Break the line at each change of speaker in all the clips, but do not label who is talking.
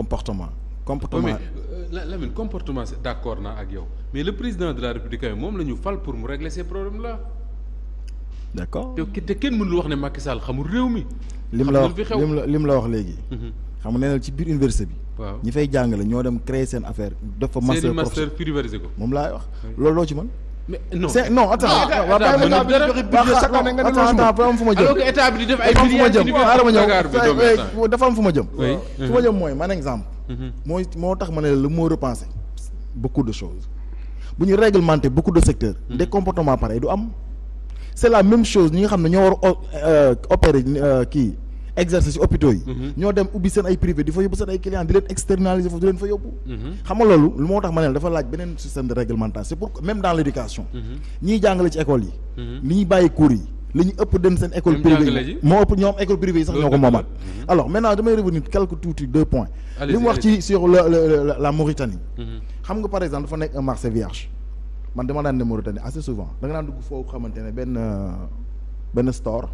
comportement. comportement oui,
mais euh, Lamine comportement d' accord ak yow mais le président de la république moom lañu ñu fal pour mu régler ces problèmes la
d' te kenn mënul wax
ne Macky Sall xamul réew mi. lim la wax
lim la la wax léegi. Mhm. xam nga nee ci biir université bi. waaw ñi fay jàngale ñoo dem créer seen affaire. def fa master prof privatisé ko moom laa wax loolu loo ci man mais non c'est non attends waaw kay état bi am fu ma jëm alors que état bi def fu ma jëm fu ma jëm mooy man exemple mooy moo tax ma ne la le mot repenser beaucoup de choses bu ñu réglementer beaucoup de secteurs des comportements pareils du am c'est la même chose ñi nga xam ne ñoo war opérer kii exercer ci hôpitaux yi mhm. ñoo dem ubbi seen ay privé di fa yóbbu seen ay clients di leen externaliser foofu di leen fa yóbbu mhm. xam lu moo tax ma ne dafa laaj beneen système de réglementation c'est pour même dans l'éducation mhm. ñiy jàngale ci école yi li bàyyi cours li ñu ëpp dem seen école privée yi moo ëpp ñoom école privée yi sax ñoo ko moomaat alors maintenant damay revenir quelques tuuti deux points li mu wax ci sur le la Mauritanie xam nga par exemple dafa nekk un marché vierge man dama daan ne ne benn euh, benn store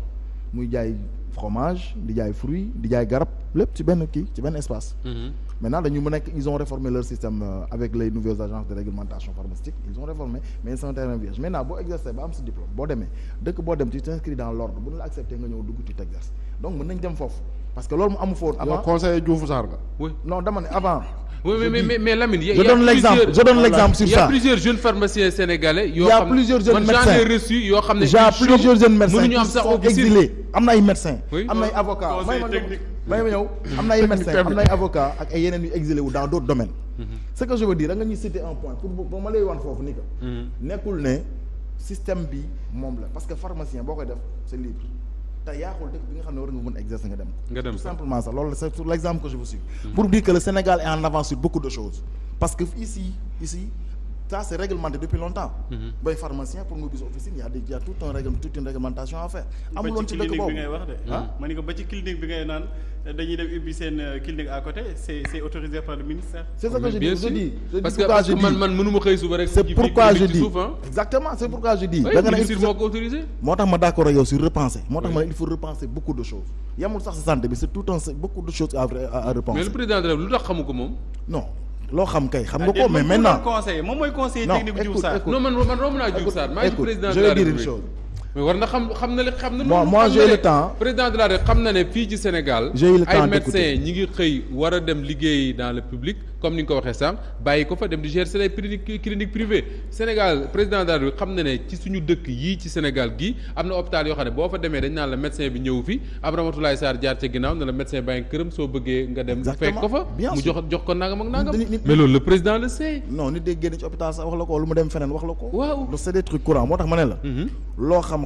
muy jaay fromage di jaay fruit di jaay garab lépp ci benn kii ci benn espace mhm. maintenant dañu mu nekk ils ont réformé leur système euh, avec les nouvelles agences de réglementation pharmaceutique ils ont réformé mais ils sont terrain vierge maintenant boo exercer ba am sa diplôme boo demee dëkk boo dem tu t'inscris dans l'ordre bu ñu la accepté nga ñëw dugg tu t'exerces donc mën nañ dem foofu parce que loolu mu amu foon avant yow conseiller Diouf Sarr nga. oui non dama avant.
mais mais mais, mais Lamine. je donne l'exemple sur ça. y' plusieurs jeunes pharmaciens sénégalais. yoo plusieurs jeunes médecins man plusieurs jeunes médecins mënuñu am sax exilés
am na ay médecins. am na ay avocats may ma ñëw am na ay médecins am na ay avocats ak ay yeneen yu exilé wu dans d'autres domaines. Mhm. ce que je veux dire da nga ñuy citer un point pour ba ma lay foofu ni que. Mhm. nekkul ne bi moom la parce que pharmacien boo koy def te yaa dëkk bi nga xam ne war nga mën a nga dem nga dem tout simplement ça loolu c'est exemple que je vous suis pour dire que Sénégal en avance sur beaucoup de choses parce que ici ici ça c'est réglementé depuis longtemps. Mhm. bay pharmacien pour nga gis officine y a des tout un réglementation à faire. amul ci dëkk boobu ba ngay wax de. ah
ma ko ba ci clinique bi ngay naan dañuy dem ubbi seen euh, clinique à côté c'est
autorisé par le ministère. c'est ce que je dis parce que man man mënu xëy suba rek. c'est pourquoi je dis exactement c'est pourquoi je dis. da nga ne ministère moo moo tax ma d'accord yow sur repenser. moo tax ma ne il
faut
loo xam kay xam nga ah, ko mais maintenant. moom mooy
conseiller moom mooy conseiller technique Diouf Sarr non man mais war na xam xam na li xam na. bon président de la République xam na ne fii ci Sénégal. le temps ay médecins ñi ngi xëy war dem liggéey dans le public comme ni nga ko waxee sànq bàyyi ko fa dem di gérer Sénégal président de la République xam na ne ci suñu dëkk yii ci Sénégal gii am na hôpital yoo xam ne boo fa demee dañ naan la médecin bi ñëw fi ab Ramatoulaye Sarr jaar ca ginnaaw ne la médecin bàyyi këram soo bëggee nga dem. fekk ko fa mu jox jox ko nangam ak nangam. mais loolu
président le moo tax ma ne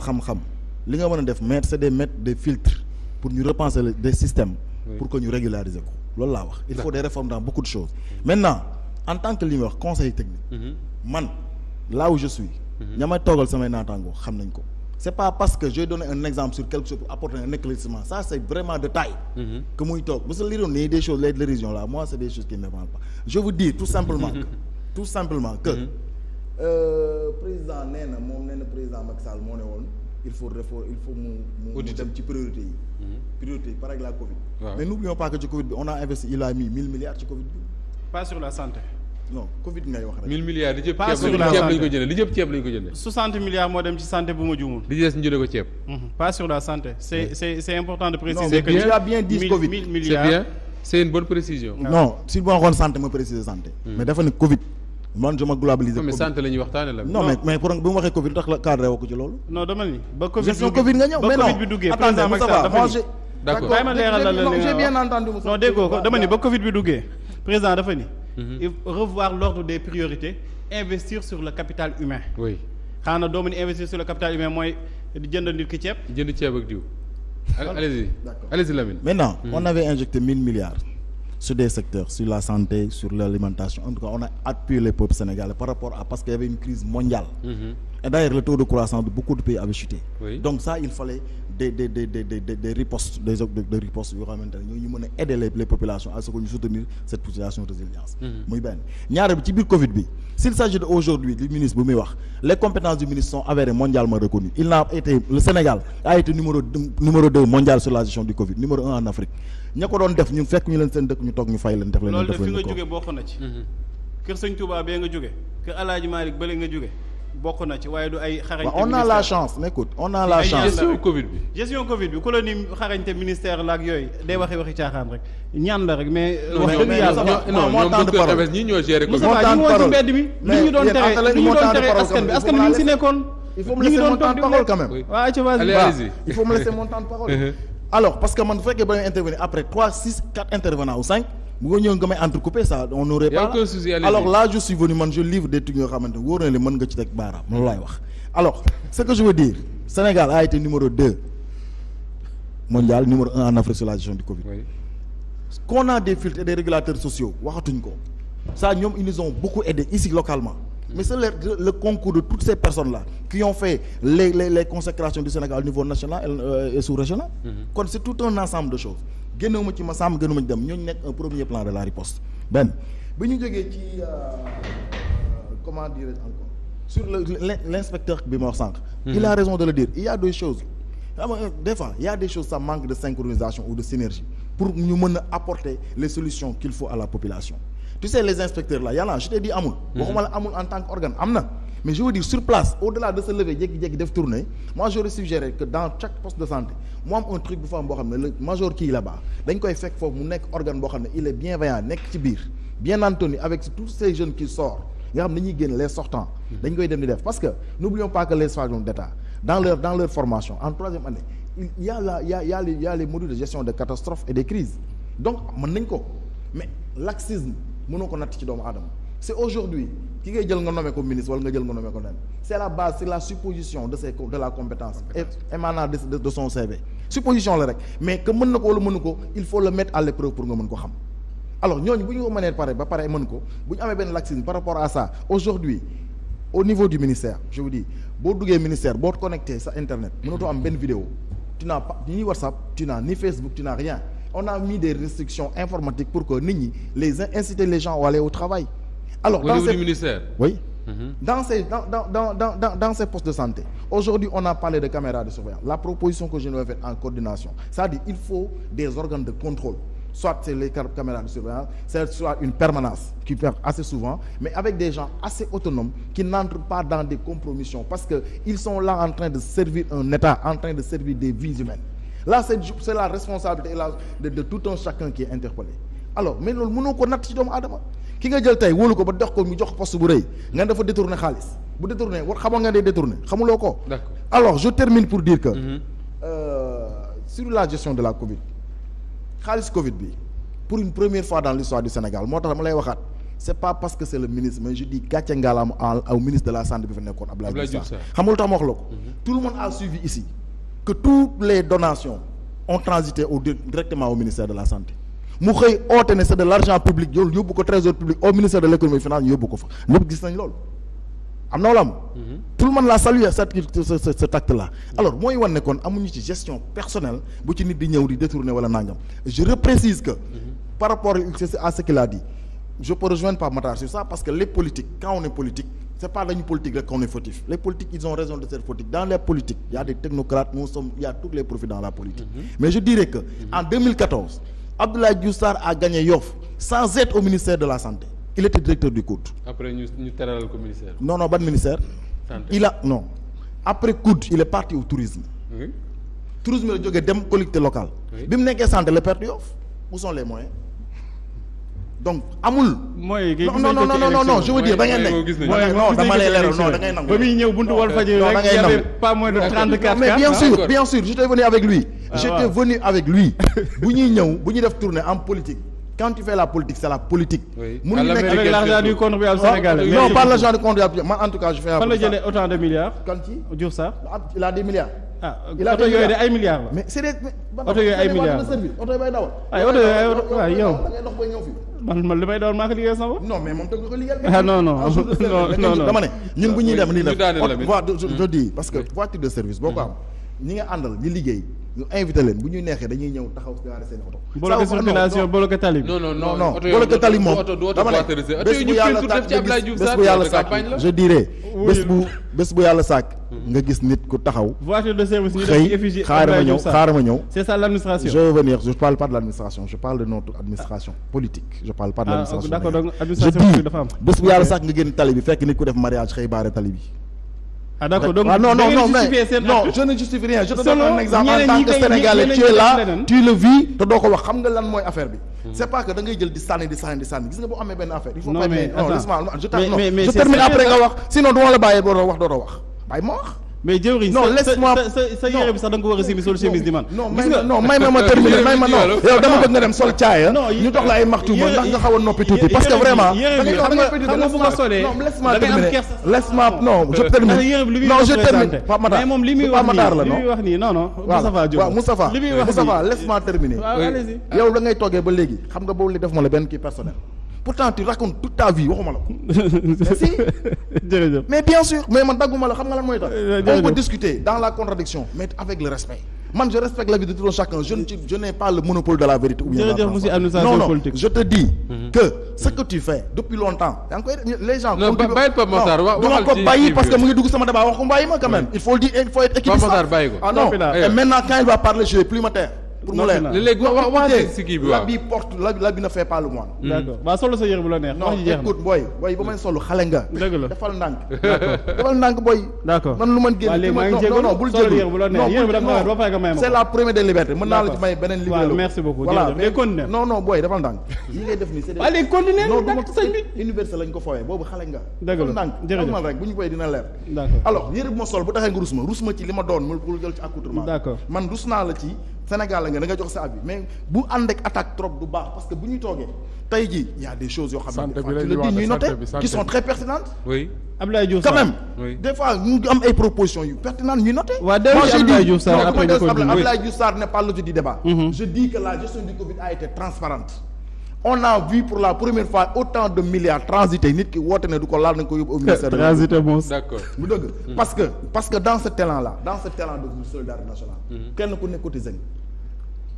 xam-xam li nga mën a def mettre c'est des mettre des filtres pour ñu repenser des systèmes pour que ñu régulariser ko loolu laa wax il faut des réformes dans beaucoup de choses maintenant en tant que li ñuy wax conseil technique mm-hmm. man là où je suis mm-hmm. ña may toogal samay naataangoo xam nañ ko c'est pas parce que j'ai donné un exemple sur quelque chose pour apporter un éclaircissement ça c'est vraiment de taille mm-hmm. que muy toog monsieur Liroune nii des choses les dérisions là moi c'est des choses qui ne me parlent pas Euh, président nee moom nee président Macky Sall moo ne woon il faut refor il faut mu mu dem ci priorité yi mhm. priorité par exemple la Covid ouais. mais n'oublions pas que ci Covid bi on a investi il a mis mille milliards ci Covid bi pas sur la santé non Covid ngay wax rek.
1000 milliards di jëpp ceeb lañ ko jëndee di jëpp ceeb lañ ko jëndee. 60 milliards ceeb. pas sur la santé c' est important de préciser. non que Covid 1000 bien c' une bonne précision. non
si man je ma globalisé. mais santé
la ñuy waxtaanee la. non mais
mais pour bu mu waxee Covid tax la cadre woo ko ci loolu. non dama ni ba Covid Covid nga ñëw mais non. déggoo ko dama ni ba Covid bi duggee
mm-hmm. président dafa ni. Mm-hmm. revoir l'ordre des priorités investir sur le capital humain. oui xanaa doo mën investir sur le capital humain mooy jënd nit ki ceeb. jënd ceeb ak diw. allez-y allez-y Lamine.
maintenant mm-hmm. on avait injecté mille milliards. sur des secteurs sur la santé sur l'alimentation en tout on a appuyé les peuples par rapport à parce qu'il une crise mondiale mm-hmm. et d'ailleurs le croissance de beaucoup de pays avait chuté donc ça il fallait des des des des des des de ripostes yoo xamante ne ñooñu mën a aider les populations à ce que ñu soutenir cette population résilience. Mm-hmm. muy benn ñaare bi ci biir Covid bi s'il s'agit de aujourd'hui du ministre bu muy wax les compétences du ministre sont avérées mondialement reconnues il n'a été le Sénégal a été numéro numéro deux mondial sur du Covid numéro en Afrique ña ko doon def ñun fekk ñu leen seen dëkk ñu toog ñu fay leen. def leen def
leen ko bokk na ci waaye du ay. xarañte a la a la chance.
gestion Covid bi
gestion ministère la ak yooyu waxi waxi caaxaan rek ñaan la rek mais. wax dëgg yàlla nekkoon.
il faut me laisser y il faut me laisser mon uh-huh. que man bu fekkee ba intervenir après trois six quatre intervenants ou cinq bu nga ñëw nga may entrecoupé ça on n'aurait pas alors là je suis venu man je livre des trucs yoo xamante wóor na li mën nga ci teg baaraam loolu laay wax alors ce que je veux dire Sénégal a été numéro deux mondial numéro un en Afrique sur la gestion du Covid oui. qu'on des filtres et des régulateurs sociaux waxatuñ ko ça ñoom ils nous ont beaucoup localement mais c'est le, le concours de toutes ces personnes là qui ont fait les les les consécrations du Sénégal au niveau national euh, et, mm-hmm. de choses génnewu ma ci ma sàmm gënu ma ci dem ñooñu nekk un premier plan de la riposte benn bi ñu jógee ci euh, comment dire encore sur le l' inspecteur bi ma wax sànq. Mm-hmm. il a raison de le dire il y choses xam nga des fois il y choses ça manque de synchronisation ou de synergie pour ñu mën a apporter les solutions qu'il faut à la population tu sais les inspecteurs là yàlla je t'ai dit amul. Mm-hmm. waxuma la amul en tant qu'organe am na. mais je veux dire sur place au-delà de se lever jékki-jékki def tournée moi j'aurais suggéré que dans chaque poste de santé mu am un truc bu fa am boo xam ne le major kii là-bas dañ koy fekk foofu mu nekk organe boo xam ne il est bienveillant nekk ci biir bien entendu avec tous ces jeunes qui sortent nga xam ne génn les sortants dañ koy dem di def parce que n'oublions pas que les sages d'État dans leur dans leur formation en troisième année il y a la y a y a a les modules de gestion mën nañ ko natt ci doomu aadama c'est aujourd'hui ki ngay jël nga nommé ko ministre wala nga jël nga nommé ko nen c'est la base c'est la supposition de ses de la compétence émanant de de son CV supposition la rek mais que mën na ko wala mënu ko il faut le mettre à l'épreuve pour nga mën ko xam alors ñooñu bu ñu ko mënee pare ba pare mën ko bu ñu amee benn laxisme par rapport à ça aujourd'hui au niveau du ministère je vous dis boo duggee ministère boo connecté sa internet mënatoo am benn vidéo tu pour que nit ñi les inciter les gens à alors dans ces ministère oui mm-hmm. dans ces dans dans dans dans dans ces postes de santé aujourd'hui on a parlé de caméras de surveillance la proposition que je vais faire en coordination c'est-à-dire il faut des organes de contrôle soit c'est les caméras de surveillance c'est une permanence qui perd assez souvent mais avec des gens assez autonomes qui n'entrent pas dans des compromissions parce que ils sont là en train de servir un État en train de servir des vies humaines là c'est la responsabilité tout un chacun qui est alors mais loolu mënoo ko natt ci doomu aadama ki nga jël tey wóolu ko ba dox ko mu jox poste bu rëy nga dafa détourné xaalis bu détourné war xamoon nga day détourné xamuloo ko. alors je termine pour dire que. Mm-hmm. euh, sur la gestion de la Covid xaalis Covid bi pour une première fois dans l'histoire du Sénégal moo tax ma lay waxaat. c'est pas parce que c'est le ministre mais je dis gàcce ngalaam au ministre de la santé bi fa nekkoon Abdoulaye la ko mm-hmm. tout le monde a suivi ici que toutes les donations ont transité au directement au ministère la santé mu xëy oote ne c'est de l'argent public yoolu yóbbu ko trésor public au ministère de l'économie finance yóbbu ko fa ñëpp gis nañ loolu am na wala am mhm. tout le monde cet acte là alors mooy wan ne amuñu ci gestion personnelle bu ci nit di ñëw di détourner wala nangam je reprécise que mhm. par rapport à ce qu'il a dit je peux rejoindre Pape Matar sur ça parce que les politiques quand on est politique c'est pas dañu politique rek qu'on est fautif fautif les politiques Abdoulaye Diouf Sarr a gagné Yoff sans être au ministère de la santé il était directeur du COUD.
après ñu ñu teralal ko ministère. non non ban
ministère. santé il a non après COUD il est parti au tourisme. tourisme la jógee dem collectivité locale. bi mu nekkee santé la perte Yoff où sont les donc amul. mooy non non non non non je veux ba muy ñëw buntu Walfadjri rek y avait pas mais bien sûr bien sûr j'étais venu avec lui. Ah, j'étais venu avec lui. bu ñuy ñëw bu ñuy def tournée en politique. quand la politique c'est la politique. oui nekk avec l'argent du contribuable ah, sénégalais. non pas l'argent du contribuable man en tout cas je fais. fan la jëlee autant de milliards. kan ci Diouf Sarr. milliards. ah oto de la. mais c'est des oto yooyu ay milliards la oto yooyu bay dawal. ay oto yooyu man man li may dawal maa ko liggéeyal sama bopp. non mais moom da nga ko liggéeyal. ah non ah, non non non dama ne ñun bu ñuy dem nii def voie de je dis parce que voiture de service boo ko am ñi nga àndal ñi liggéey ñu invité leen bu ñuy neexee dañuy ñëw taxaw gaare seen oto. bloqué circulation bloqué tali bi. non non non non bloqué tali moom dama ne bés bu yàlla sàkk nga gis nit ku taxaw. voiture
de ma ñëw xaar ma ñëw. c'est ça venir
je parle pas de l'administration je administration politique je parle pas de ah, l'administration. ah d'accord bés bu yàlla sàkk nga génn tali bi fekk nit ku def mariage xëy baare tali bi. Ah, ah non non non mais non je ne justifie rien je te donne un exemple en tant te doo ko wax xam nga lan mooy affaire bi hmm. c'est pas que da jël di sànni di sànni di sànni gis nga boo amee benn affaire il faut pas termine après nga wax sinon du ma la bàyyee dootoo wax dootoo wax bàyyi ma wax mais jëwriñ non laisse-moi sa sa yére bi sax da ko war a simi sol chemise di man non ma ma terminer may ma non yow dama bëgg nga dem sol caaya ah? ñu dox la ay maxtuuma ndax nga xaw a noppi tuuti parce que vraiment xam nga bu ma li muy wax nii li muy wax nii non non Moustapha Diop waaw Moustapha Moustapha terminer yow da ngay ba léegi xam nga boobu li def ma la benn kii personnel pourtant tu racontes toute ta vie waxuma la ko. merci. jërëjëf mais bien sûr mais man dagguma la xam nga lan mooy tax. Euh, peut discuter dans la contradiction mais avec le respect. man je respecte l'avis de tout un chacun je ne je n'ai pas monopole de la vérité. ou bien jërëjëf monsieur administration politique non non je te dis. Mhm. que ce que tu fais depuis longtemps. yaa ngi koy les gens. non parce que mu ngi sama débat wax ko ma quand même. pour mu leer léegi wax wax si kii bi waaw l'habit porte l'habit ne fait pas le moine. d'accord hmm. waaw solo sa yére bu la neex. non écoute booy booy ba may solo xale nga. dëgg la defal ndànk. defal ndànk booy. d'accord man lu man génn. waaw léegi maa ngi jégalu bul jégalu yére bu la neex yére bi da nga may doo fay nga may ma c'est la première des libertés mën naa la ci may beneen liberté. waaw merci beaucoup jërëjëf mais continué non non booy defal ndànk. yi ngay def nii c'est des. waaw léegi continué non du ma sëñ bi université lañ ko fooyee boobu xale nga. dëgg la ndànk amal rek bu ñu koy dina leer. d'accord alors yére bu ma sol bu taxee nga rus ma rus ma ci li ma doon mu jël ci accoutrement. d'accord man rus naa la ci Sénégal la nga da jox sa avis mais bu ànd ak attaque trop du baax parce que bu ñuy toogee tey jii y a des yoo xam ne tu le dis ñuy noté qui sont très pertinentes oui Abdoulaye débat mm-hmm. je dis que la gestion du Covid a été transparente on a vu pour la première fois autant de milliards transité nit ki woote ne du ko laal nañ ko yóbbu au ministère de transité moom bu dëgg mm. parce que parce que dans ce talent là dans ce talent de solidarité nationale mm-hmm. kenn ku nekk cotisé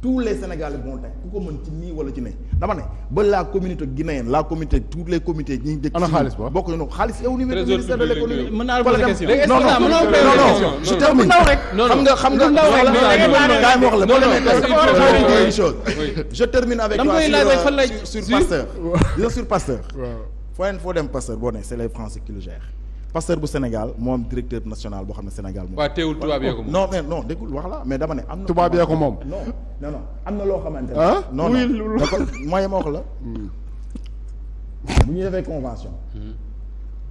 tous les Sénégalais bon temps ku ko mën ci nii wala ci ne dama ne ba la communauté guinéenne la communauté tous les comités ñi dëkk ana xaalis ba bokk nañu xaalis yow ni ministère de l'économie mën naa la poser question non non je termine ndaw rek xam nga xam nga ndaw rek kaay ma wax la boo demee une chose je termine avec toi euh, sur pasteur disons sur pasteur foo dem pasteur boo ne c'est les Français qui le gèrent pasteur bu Sénégal moom directeur national boo xam ne Sénégal moom. waaw teewul tubaab yee ko moom non mais non déggul wax la mais dama ne. am na tubaab yee ko moom. non non non am na loo xamante ne. ah non non da ko mooy ma wax la. Hmm. bu ñu defee convention. Hmm.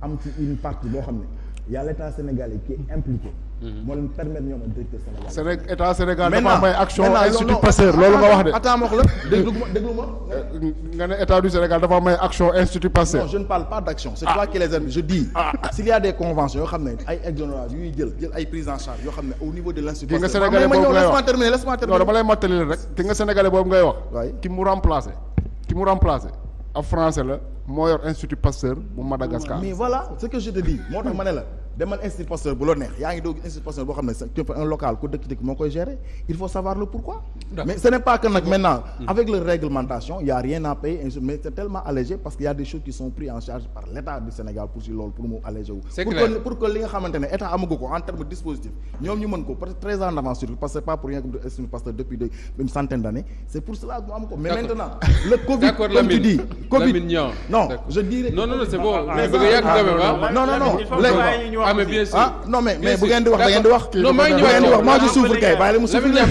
am ci une partie boo xam ne y a l'état sénégalais qui est impliqué. Mhm. moo leen permettre ñoom ak directeur Séné état Sénégal dafa am action institut Pasteur loolu nga wax de. attends la déglu ma déglu ma. Euh, nga ne état du Sénégal dafa am action institut Pasteur. non s' il l' dama lay mottali rek ki nga sénégalais boobu ngay wax. waay mu remplacé ki mu remplacé ab français la moo yor institut Pasteur bu ah, Madagascar. mais voilà ce que je te dis moo tax ma ne la demal institut Pasteur bu neex yaa ngi doog institut Pasteur boo xam ne tu fais un local ku dëkk moo koy gérer il faut savoir le pourquoi mais ce n'est pas que nag maintenant mm. avec le réglementation il y a rien à payer mais c'est tellement allégé parce qu'il y a des choses qui sont prises en charge par l'État du Sénégal pour si loolu pour mu allégé wu pour que li nga xamante ne état amagu ko en termes dispositif ñoom ñu mën ko parce ah mais ah, mais mais bu ngeen di wax da di wax. non maa ngi ñëwaat maa ngi suuful kay la mu suuful daf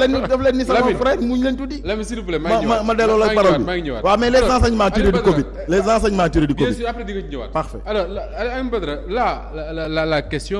leen daf leen ni sama frère
muñ leen tuddi. Lamine ma ma delloo la parole bi waaw mais les enseignements tirés du Covid.
les enseignements tirés du di
nga ci